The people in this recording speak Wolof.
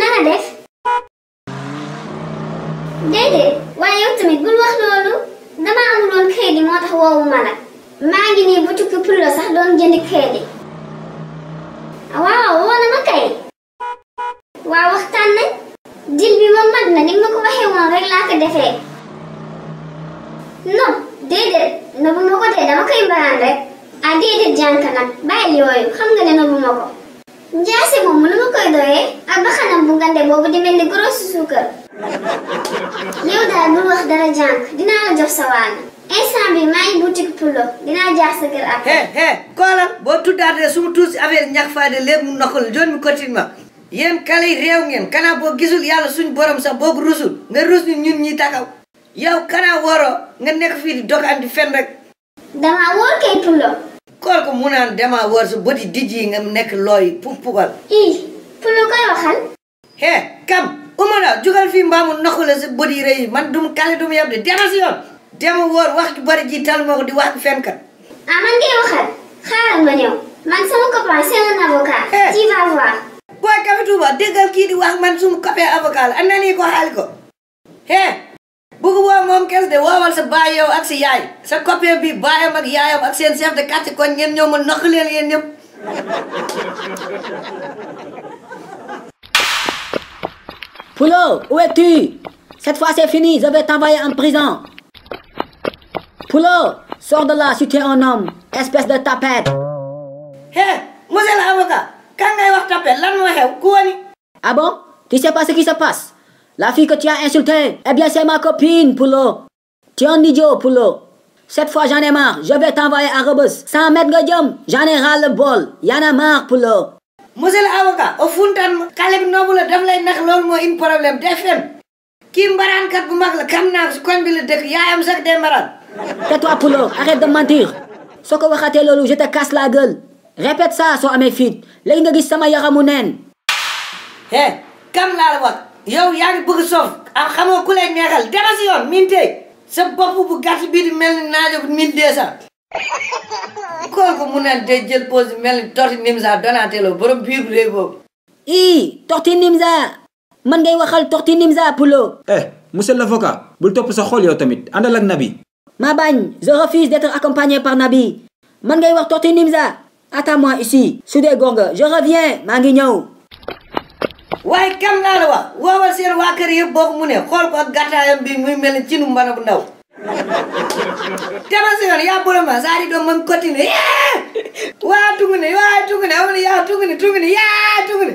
nan a def. déedéet waaye yow tamit bul wax loolu damaa amul woon crédit moo tax woowu ma maa ngi nii boutique Poulo sax doon jënd crédit. waaw woo na kay. waaw waxtaan nañ. dil bi ma mat na ni ma ko waxee woon laa ko defee. non déedéet na bu ma ko dee dama koy mbaraan rek. ah déedéet jànk nag bàyyil yooyu xam nga ne na bu ma ko. jaase moomu lu ma koy doyee ak baxanam bu ngande boobu di mel ni gros suukar yow daal bul wax dara dinaa la jox sa waana instant bi maa ngi boutique dinaa jaar sa kër ak. hey koolam boo tuddaatee su ma tuuti affaire ñax faade léegi mu nokk la joon yéen kale yi ngeen kanaa boo gisul yàlla suñ borom sax boo ko rusul nga rus ñun ñi taxaw yow kanaa waroo nga nekk fii di dog am di fen rek. damaa wóor kay Poulo. koor ko mu naan dama war su bëti dijj yi nga nekk looy pu pugal i pour lu koy waxal he kam umala jugal fii mbaamu noqu la sa bëti rëy man dum kale dum yab de dema si yoon dema woor wax bari ji tal ko di wax fenkat ah man waxal xaaral ma ñëw man sama copain c'est un avocat tu vas voir waaye Café kii di wax man sum copain avocat la ko xaali ko he bëgguma mom kess de wawal sa baay ak si yaay sa copain bi baayam ak yaayam ak seen chef de quartier kon ngeen ñëw ma naq leen yéen Poulo, où es-tu Cette fois c'est fini, je vais t'envoyer en prison. Poulo, sors de là si tu es un homme, espèce de tapette. Hé, hey, monsieur l'avocat, quand tu tapette, là nous Ah bon Tu sais pas ce qui se passe la fille que tu as insultée, eh bien c'est ma copine, Poulot. Tu es un idiot, Poulot. Cette fois j'en ai marre, je vais t'envoyer à Rebus. mettre de godium, j'en ai ras le bol. Y'en a marre, Poulot. Monsieur l'avocat, au fond de xale bi noobu la daf lay nax loolu problème DFM kii mbaraankat bu mag la xam naa si je bi la dëkk yaayam sax day tais-toi Poulot arrête de mentir soo ko waxatee loolu je te casse la gueule répète ça soo mes fit léegi nga gis sama de neen. hé kam laa la l'avocat yow yaa ngi bëgg soof am ah, xamoo ku lay neexal dara si yoon mintee sa bopp bu gàtt bi di mel ni naajo mintee sax kooku ko naan de jël pause mel ni torti nimsa Donatello borom biir bu rëy boobu ii torti nimsa man ngay waxal torti nimsa pulo eh monsieur l'avocat bul topp sa xol yow tamit àndal ak nabi ma bañ je refuse d'être accompagné par nabi man ngay wax torti nimsa attends-moi ici su dee gonga je reviens maa ngi ñëw waaye kam naa la wax woowal seen waa kër yëpp boo ko mu ne xool ko ak gàttaayam bi muy mel ni cinu mbana bu ndaw teman si yoon yaa bolo ma saari doom moom continuer yaa waa tugune waa tugune aw ni yaa tugune tugune yaa tugune